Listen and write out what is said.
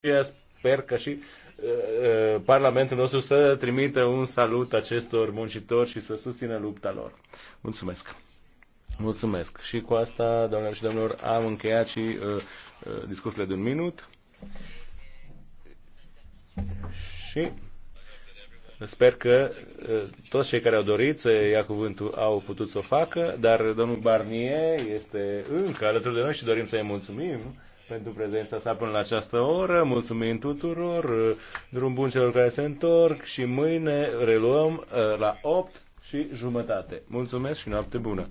sper că și uh, uh, Parlamentul nostru să trimită un salut acestor muncitori și să susțină lupta lor. Mulțumesc! Mulțumesc! Și cu asta, doamnelor și domnilor, am încheiat și uh, uh, discuțiile de un minut. Și Sper că ă, toți cei care au dorit să ia cuvântul au putut să o facă, dar domnul Barnier este încă alături de noi și dorim să-i mulțumim pentru prezența sa până la această oră. Mulțumim tuturor, ă, drum bun celor care se întorc și mâine reluăm ă, la 8 și jumătate. Mulțumesc și noapte bună!